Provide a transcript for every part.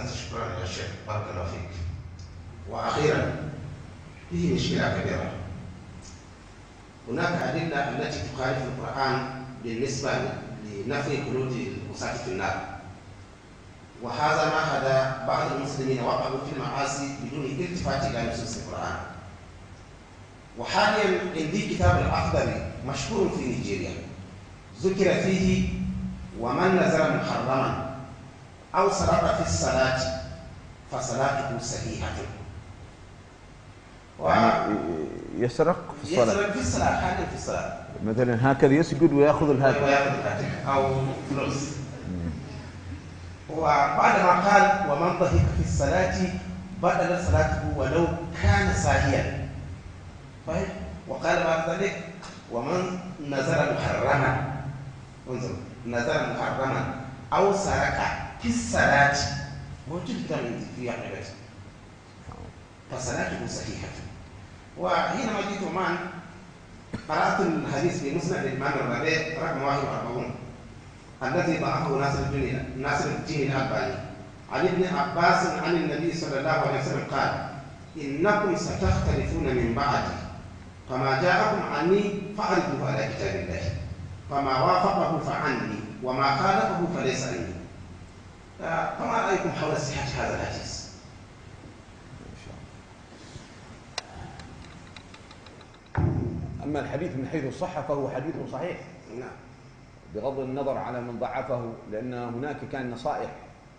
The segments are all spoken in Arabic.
احسنت شكرا يا شيخ بارك الله فيك واخيرا هي مشكله كبيره هناك ادله التي تخالف القران بالنسبه لنفي خلود العصاه في النار وهذا ما هذا بعض المسلمين وقعوا في المعاصي بدون التفات الى نصوص القران وحاليا عندي كتاب الاخضر مشهور في نيجيريا ذكر فيه ومن نزل محرما أو سرق في الصلاة فصلاته صحيحة و... يعني يسرق في الصلاة يسرق في الصلاة هكذا في الصلاة مثلا هكذا يسجد ويأخذ الهاتف أيوة، أو فلوس وبعد ما قال ومن ضحك في الصلاة بدل صلاته ولو كان ساهيا طيب، وقال بعد ذلك ومن نزل محرما انظر نزل محرما أو سرق في الصلاة وجلدا في عبادته فصلاته صحيحة وحينما جئت عمان قرأت الحديث في مسند الإمام الربيع رقم 41 الذي ضعه ناصر الدين ناصر الدين الألباني عن ابن عباس عن النبي صلى الله عليه وسلم قال إنكم ستختلفون من بعدي فما جاءكم عني فأردوه على كتاب الله فما وافقه فعني وما خالفه فليس عني فما رايكم حول صحه هذا الحديث؟ اما الحديث من حيث الصحه فهو حديث صحيح نعم بغض النظر على من ضعفه لان هناك كان نصائح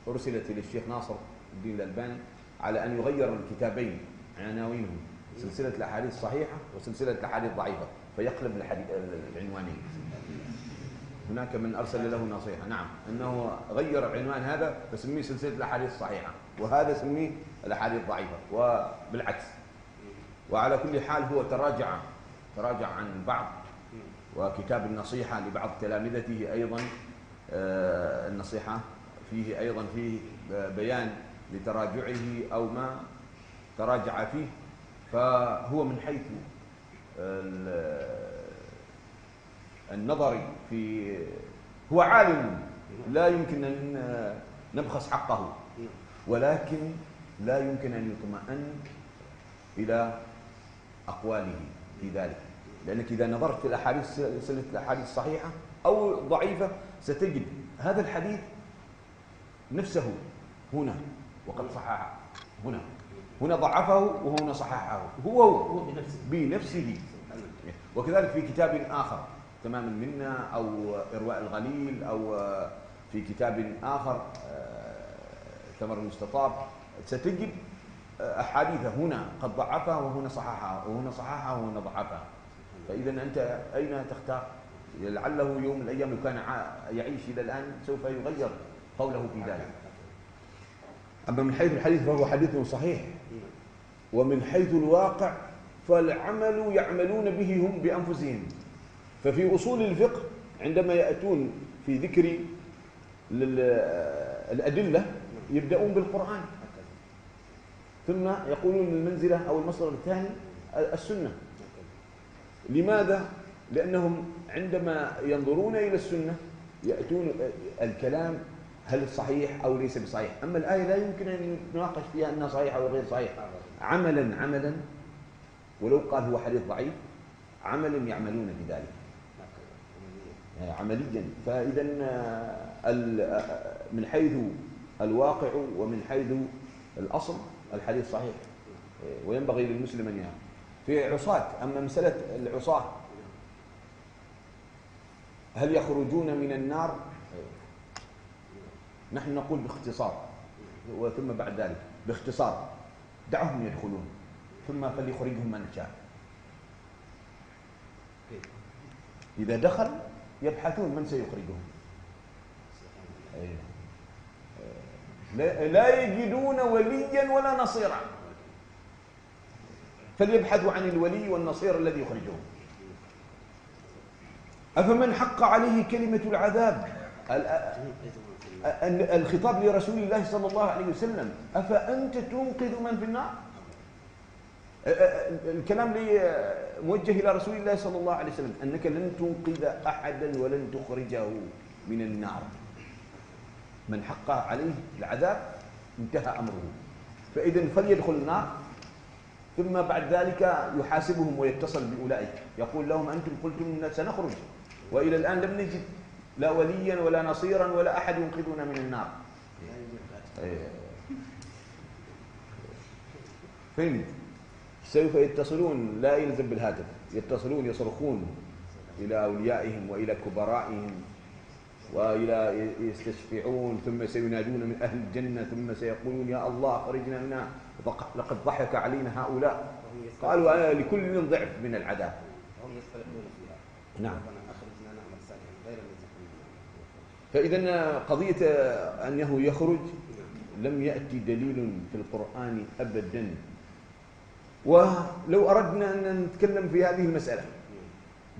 ارسلت للشيخ ناصر الدين الالباني على ان يغير الكتابين عناوينهم سلسله الاحاديث الصحيحه وسلسله الاحاديث الضعيفه فيقلب العنوانين هناك من ارسل له نصيحه نعم انه غير عنوان هذا فسميه سلسله الاحاديث الصحيحه وهذا سميه الاحاديث الضعيفه وبالعكس وعلى كل حال هو تراجع تراجع عن بعض وكتاب النصيحه لبعض تلامذته ايضا آه، النصيحه فيه ايضا فيه بيان لتراجعه او ما تراجع فيه فهو من حيث النظري في هو عالم لا يمكن أن نبخس حقه ولكن لا يمكن أن يطمئن إلى أقواله في ذلك لأنك إذا نظرت في الأحاديث سلسلة الأحاديث الصحيحة أو ضعيفة ستجد هذا الحديث نفسه هنا وقد صححه هنا هنا ضعفه وهنا صححه هو, هو بنفسه أيوة. وكذلك في كتاب آخر تماما منا او ارواء الغليل او في كتاب اخر آه، ثمر المستطاب ستجد آه، احاديث هنا قد ضعفها وهنا صححها وهنا صححها وهنا ضعفها فاذا انت اين تختار؟ لعله يوم من الايام لو كان يعيش الى الان سوف يغير قوله في ذلك. اما من حيث الحديث فهو حديث صحيح ومن حيث الواقع فالعمل يعملون به هم بانفسهم ففي أصول الفقه عندما يأتون في ذكر الأدلة يبدأون بالقرآن ثم يقولون المنزلة أو المصدر الثاني السنة لماذا؟ لأنهم عندما ينظرون إلى السنة يأتون الكلام هل صحيح أو ليس بصحيح أما الآية لا يمكن أن نناقش فيها أنها صحيحة أو غير صحيحة عملا عملا ولو قال هو حديث ضعيف عملا يعملون بذلك عمليا فإذا آه، آه، من حيث الواقع ومن حيث الأصل الحديث صحيح إيه، وينبغي للمسلم أن يعمل في عصاة أما مسألة العصاة هل يخرجون من النار إيه، نحن نقول باختصار وثم بعد ذلك باختصار دعهم يدخلون ثم فليخرجهم من شاء إذا دخل يبحثون من سيخرجهم أيوة. لا يجدون وليا ولا نصيرا فليبحثوا عن الولي والنصير الذي يخرجهم أفمن حق عليه كلمة العذاب الخطاب لرسول الله صلى الله عليه وسلم أفأنت تنقذ من في النار أه، أه، الكلام لي أه، موجه إلى رسول الله صلى الله عليه وسلم أنك لن تنقذ أحدا ولن تخرجه من النار من حق عليه العذاب انتهى أمره فإذا فليدخل النار ثم بعد ذلك يحاسبهم ويتصل بأولئك يقول لهم أنتم قلتم سنخرج وإلى الآن لم نجد لا وليا ولا نصيرا ولا أحد ينقذنا من النار إيه. فهمت سوف يتصلون لا يلزم بالهاتف يتصلون يصرخون إلى أوليائهم وإلى كبرائهم وإلى يستشفعون ثم سينادون من أهل الجنة ثم سيقولون يا الله أخرجنا منها لقد ضحك علينا هؤلاء قالوا أنا لكل ضعف من العذاب هم يستلقون فيها نعم فإذا قضية أنه يخرج لم يأتي دليل في القرآن أبدا ولو أردنا أن نتكلم في هذه المسألة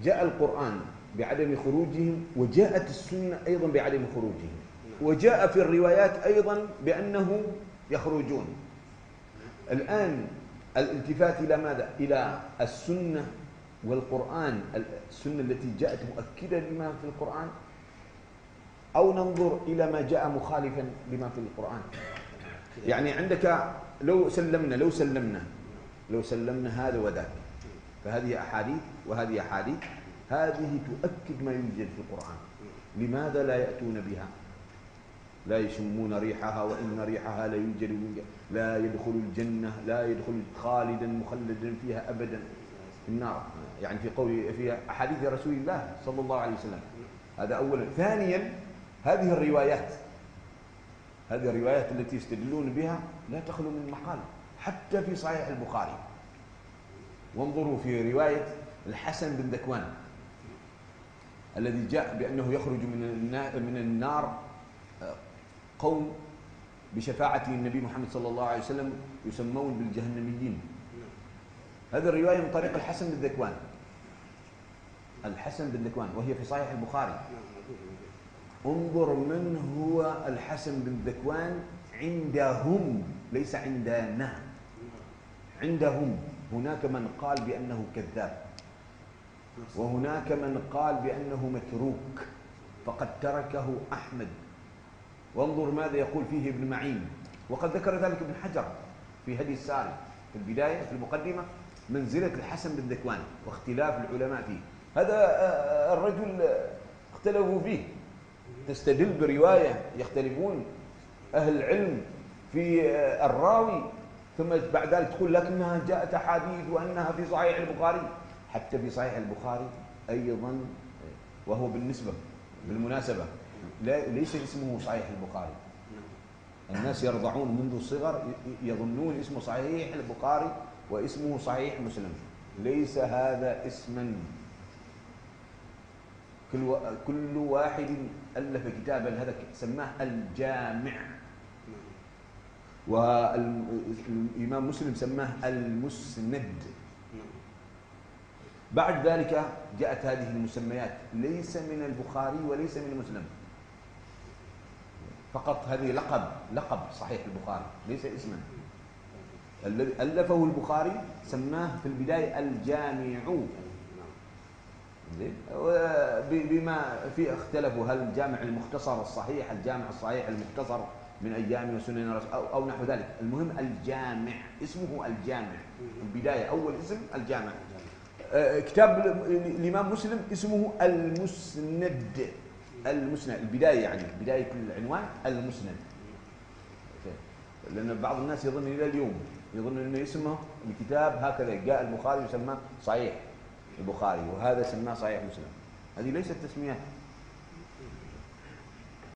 جاء القرآن بعدم خروجهم وجاءت السنة أيضا بعدم خروجهم وجاء في الروايات أيضا بانه يخرجون الآن الالتفات إلى ماذا؟ إلى السنة والقرآن السنة التي جاءت مؤكدة لما في القرآن أو ننظر إلى ما جاء مخالفا لما في القرآن يعني عندك لو سلمنا لو سلمنا لو سلمنا هذا وذاك فهذه أحاديث وهذه أحاديث هذه تؤكد ما يوجد في القرآن لماذا لا يأتون بها لا يشمون ريحها وإن ريحها لا يوجد لا يدخل الجنة لا يدخل خالدا مخلدا فيها أبدا في النار يعني في قول في أحاديث رسول الله صلى الله عليه وسلم هذا أولا ثانيا هذه الروايات هذه الروايات التي يستدلون بها لا تخلو من مقاله حتى في صحيح البخاري وانظروا في رواية الحسن بن ذكوان الذي جاء بأنه يخرج من من النار آه، قوم بشفاعة النبي محمد صلى الله عليه وسلم يسمون بالجهنميين هذا الرواية من طريق الحسن بن ذكوان الحسن بن ذكوان وهي في صحيح البخاري انظر من هو الحسن بن ذكوان عندهم ليس عندنا عندهم هناك من قال بأنه كذاب وهناك من قال بأنه متروك فقد تركه أحمد وانظر ماذا يقول فيه ابن معين وقد ذكر ذلك ابن حجر في هدي السال في البداية في المقدمة منزلة الحسن بن ذكوان واختلاف العلماء فيه هذا آه، آه، الرجل آه، اختلفوا فيه تستدل برواية يختلفون أهل العلم في الراوي ثم بعد ذلك تقول لكنها جاءت احاديث وانها في صحيح البخاري حتى في صحيح البخاري ايضا وهو بالنسبه بالمناسبه ليس اسمه صحيح البخاري الناس يرضعون منذ الصغر يظنون اسمه صحيح البخاري واسمه صحيح مسلم ليس هذا اسما كل كل واحد الف كتابا هذا سماه الجامع والإمام مسلم سماه المسند بعد ذلك جاءت هذه المسميات ليس من البخاري وليس من مسلم فقط هذه لقب لقب صحيح البخاري ليس اسما الذي ألفه البخاري سماه في البداية الجامع بما فيه اختلفوا هل الجامع المختصر الصحيح الجامع الصحيح المختصر من أيام وسنن أو, أو نحو ذلك المهم الجامع اسمه الجامع البداية أول اسم الجامع آه، كتاب الإمام مسلم اسمه المسند المسند البداية يعني بداية العنوان المسند لأن بعض الناس يظن إلى اليوم يظن أنه اسمه الكتاب هكذا جاء البخاري وسماه صحيح البخاري وهذا سماه صحيح مسلم هذه ليست تسميه